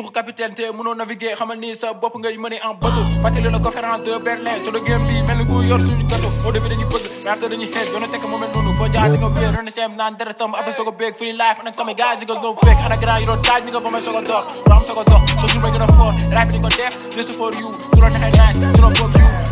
toujours capitaine te mënoo naviguer xamal ni sa bopp ngay mëne en bateau fàttali la conférence de Berlin solo game bi mel ni ku yor suñu gâteau au début dañuy bëgg mais après dañuy xees yoona tekk moomel noonu foo jaar di nga wéer yoona seem naan dara tam après soo ko béeg free life nag samay gaz yi nga ñëw fekk ana grand yi doon taaj ni nga ba may soo ko door am soo ko dox soo jur ba gën fort rap di ko def li for you su la nice su la foog you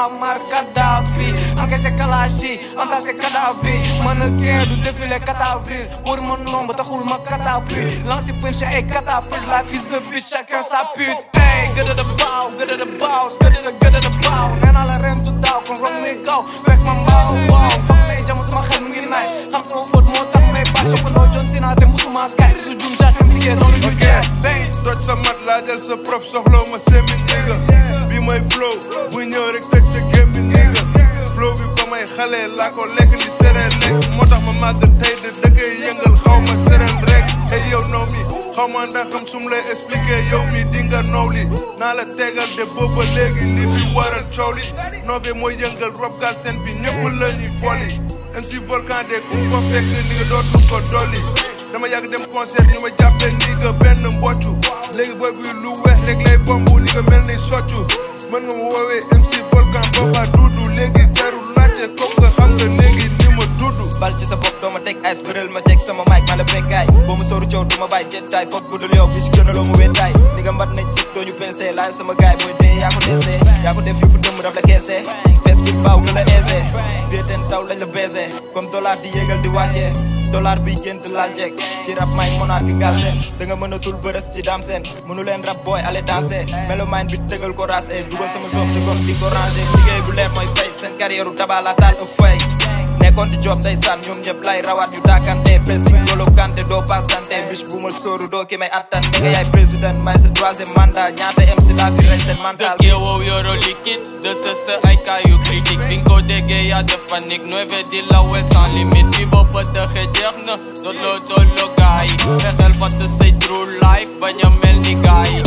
Muammar Gaddafi Anche se kalashi, anta se kadavi Mână cheierul de file catavril Urmă în lombă, tăhul mă catapult Lansi până și ei Life is a bitch, așa că s-a put Hey, gâdă de bau, gâdă de bau Scădă de gâdă de bau Nena la rând tu dau, cum rog mi gau Back my mouth, wow Fuck me, jamu să mă hân mi naș Ham să mă văd, mă tam me baș Eu până o John Cena, te musu mă sky Su jungea, te-mi lighe, nu-i Lager se prof soxla ma semi nigga Be my flow when you rek teg sa game bi nigga flow bi ba may xale like ko lekk li sereen lekk moo tax my mother, tey de dëkkee yëngal xaw ma sereen rek hey yow noo mi xaw ma ndax xam sum lay expliquer yow mi di nga noow li naa la tegal de and if you fi waral coow li noovee mooy yëngal rob gaal and be ñëpp and ñuy foli MC Volcan de ku ko fekk li nga dootu ko dama yàgg dem concert ñu ma jàppe ni nga benn mboccu léegi booy buy lu weex rek lay bombu Nigga, nga mel ni soccu mën nga ma woowee MC Volcan baba duudu léegi jarul laajte comme nga xam nga léegi ni ma duudu bal ci sa bopp doo ma teg ice bëral ma jeg sama mic ma la bekkaay boo ma sooru coow du ma bàyyi jettaay foog bu dul yow bi ci gënaloo mu wettaay li nga mbat nañ si dooñu pensé laan sama gaay booy dee yaa ko dese yaa ko def yu fu dëmm daf la keese fees bi baaw nga la aisé déeteen taw lañ la baisé comme dollar di yéegal di wàccee dollar bi gént laal jekk ci rap may monarque gal seen da nga mën a tul bërës ci daam seen mënu leen rap booy allez danser melo main bi tëgal ko raas e dugal sama soom si gox di ko ranger liggéey bu leer mooy fay seen carrière u tabaalataan ëpp fay nekkoon di job ndeysaan ñoom ñëpp lay rawaat yu daakante président Ngolo Kanté doo passante bis bu ma doo ki may attan nga yaay président may sa troisième mandat ñaata MC laa fi rey seen mental yoro liquide de ce ce ay cas yu critique bi yaa def panique nueve di lawel sans limite bi ba bët dëxe jeex na dootoo tolloo gaay fexeel fatt say true life bañ a ni gaay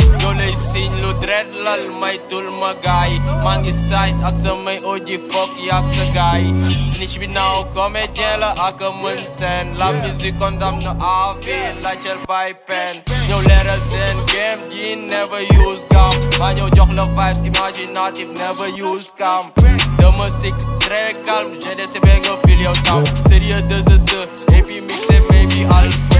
Sin lu dreadlal may tulmagay Mangi sight at sa may oji fuck yak sagay Snitch me now, comedian la aka munsen La music on dam no avi la chel by pen Yo letters and game ye never use gum Man yo jok love vibes imaginative never use gum The music très calm. Jede se sebeng feel yo town Serious de ce ce, et puis mixé maybe alpha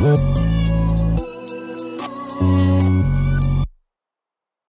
Thank